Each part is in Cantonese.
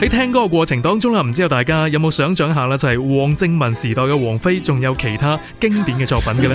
喺聽歌嘅過程當中啦，唔知道大家有冇想像一下呢就係王靖雯時代嘅王菲，仲有其他經典嘅作品嘅呢。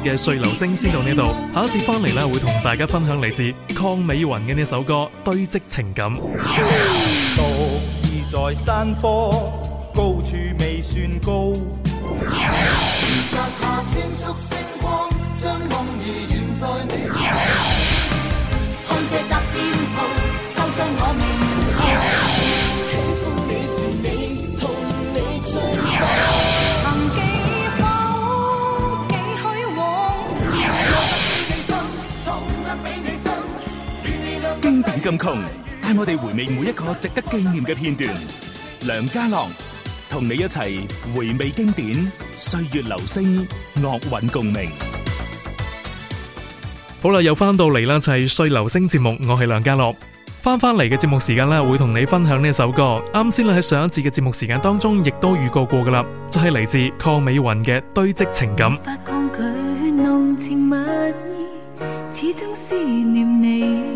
嘅歲月留聲先到呢度，下一節翻嚟咧會同大家分享嚟自鄺美雲嘅呢首歌《堆積情感》。獨自在山坡。咁窮，帶我哋回味每一個值得紀念嘅片段。梁家樂，同你一齊回味經典歲月留聲，樂韻共鳴。好啦，又翻到嚟啦，就係、是、歲月留聲節目。我係梁家樂，翻翻嚟嘅節目時間咧，會同你分享呢首歌。啱先啦，喺上一節嘅節目時間當中，亦都預告過噶啦，就係、是、嚟自鄺美雲嘅《堆積情感》。抗拒濃情蜜意，始終思念你。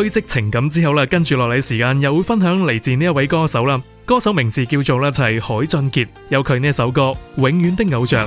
堆積情感之後啦，跟住落嚟時間又會分享嚟自呢一位歌手啦。歌手名字叫做咧就係海俊傑，有佢呢一首歌《永遠的偶像》。